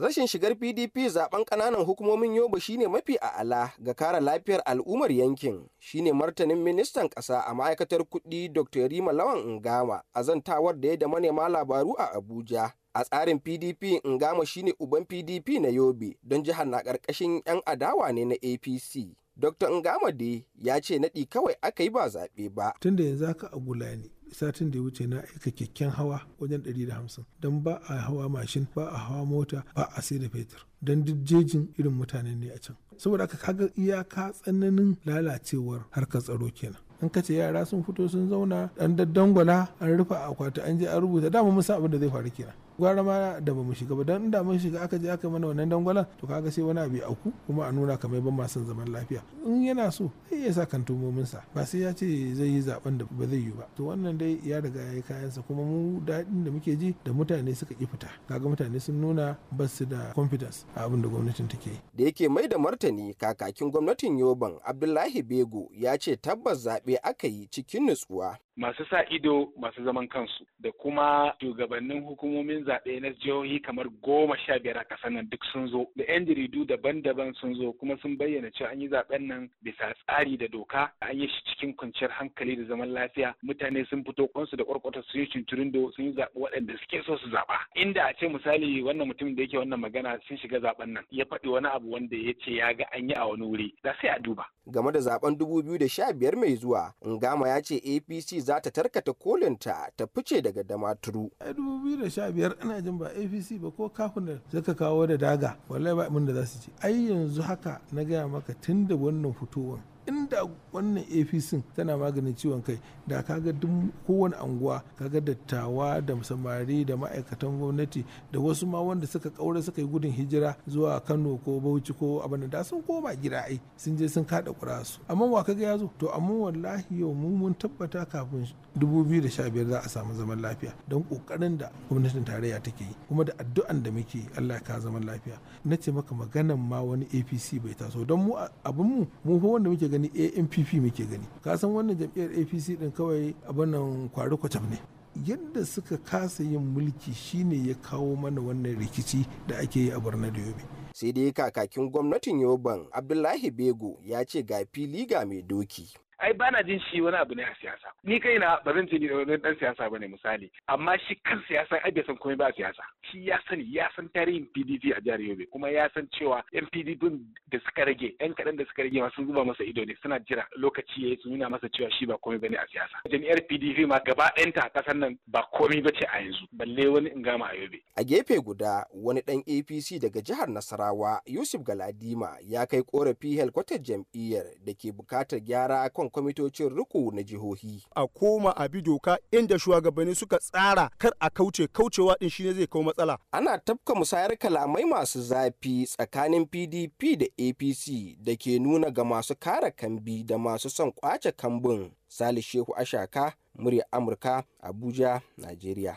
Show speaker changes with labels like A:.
A: Rashin shigar PDP zaben ƙananan hukumomin Yobe shine mafi a'ala ga kare lafiyar al'ummar yankin. Shine martanin ministan ƙasa a ma'aikatar kuɗi Dr. Rima Lawan Ngama a zantawar da ya da manema labaru a Abuja. a tsarin pdp ngama shine uban pdp na yobe don jihar na ƙarƙashin 'yan adawa ne na apc dr ngama dai ya ce naɗi kawai aka yi ba zaɓe ba
B: tunda yanzu haka a gula ne satin da ya wuce na aika keken hawa wajen 150 don ba a hawa mashin ba a hawa mota ba a sai da fetur don duk jejin irin mutanen ne a can saboda aka kaga iyaka tsananin lalacewar harkar tsaro kenan in ka ce yara sun fito sun zauna an daddangwala an rufe akwati an je an rubuta dama mun san abin da zai faru kenan gwara ma da ba mu shiga ba dan da mun shiga aka je aka mana wannan dangwalan to kaga sai wani abu ya auku kuma a nuna kamar ban masan zaman lafiya in yana so sai iya sa kan sa ba sai ya ce zai yi zaben da ba zai yi ba to wannan dai ya riga ya yi kayansa kuma mu daɗin da muke ji da mutane suka ki fita kaga mutane sun nuna ba su
A: da confidence a abin da gwamnatin take da yake mai da martani kakakin gwamnatin yoban abdullahi bego ya ce tabbas zaɓe zaɓe aka yi cikin nutsuwa.
C: Masu sa ido masu zaman kansu da kuma shugabannin hukumomin zaɓe na jihohi kamar goma sha biyar a ƙasar nan duk sun zo da 'yan jaridu daban-daban sun zo kuma sun bayyana cewa an yi zaɓen nan bisa tsari da doka an yi shi cikin kwanciyar hankali da zaman lafiya mutane sun fito kwansu da kwarkwata su yi da sun yi zaɓe waɗanda suke so su zaɓa inda a ce misali wannan mutumin da yake wannan magana sun shiga zaɓen nan ya faɗi wani abu wanda ya ce ya ga an yi a wani wuri da sai a duba
A: game da zaben 2015 mai zuwa ngama ya ce apc za ta tarkata kolinta ta fice daga damaturu a
B: 2015 ina jin ba apc ba ko kafin da suka kawo da daga wallahi ba mun da za su ci ai yanzu haka na gaya maka tun da wannan fitowar da wannan apc tana maganin ciwon kai da kaga duk kowane anguwa kaga dattawa da samari da ma'aikatan gwamnati da wasu ma wanda suka kaura suka yi gudun hijira zuwa kano ko bauchi ko abin da sun koma gida ai sun je sun kada kurasu amma wa kaga yazo to amma wallahi yau mu mun tabbata kafin 2015 za a samu zaman lafiya don kokarin da gwamnatin tarayya take yi kuma da addu'an da muke Allah ka zaman lafiya na ce maka maganan ma wani apc bai taso don mu abin mu mu wanda muke gani ANPP muke gani ka san wannan jam'iyyar APC din kawai abin nan kwari kwatam ne yadda suka kasa yin mulki shine ya kawo mana wannan rikici da ake yi
A: a birnin Yobe sai dai kakakin gwamnatin Yoban Abdullahi Bego ya ce ga fili ga mai doki
C: ai ba na jin shi wani abu ne a siyasa ni kai na, ba zan ce ni wani dan siyasa bane misali amma shi kan siyasa ai bai san komai ba a siyasa shi ya sani ya san tarihin PDP a jihar Yobe kuma ya san cewa yan PDP da suka rage yan kaɗan da suka rage ma sun zuba masa ido ne suna jira lokaci yayi su nuna masa cewa shi ba komai bane a siyasa jami'ar PDP ma gaba ɗayanta kasan nan ba komai bace a yanzu balle wani in gama a Yobe
A: a gefe guda wani dan APC daga jihar Nasarawa Yusuf Galadima ya kai korafi helkwatar jam'iyyar da ke bukatar gyara a kwamitocin riko na jihohi. A koma a bi doka inda shugabanni suka tsara kar a kauce kaucewa din shine zai kawo matsala. Ana tafka musayar kalamai masu zafi tsakanin PDP da APC da ke nuna ga masu kara kambi da masu son kwace kambun. Salisu Shehu Ashaka, murya Amurka, Abuja, Najeriya.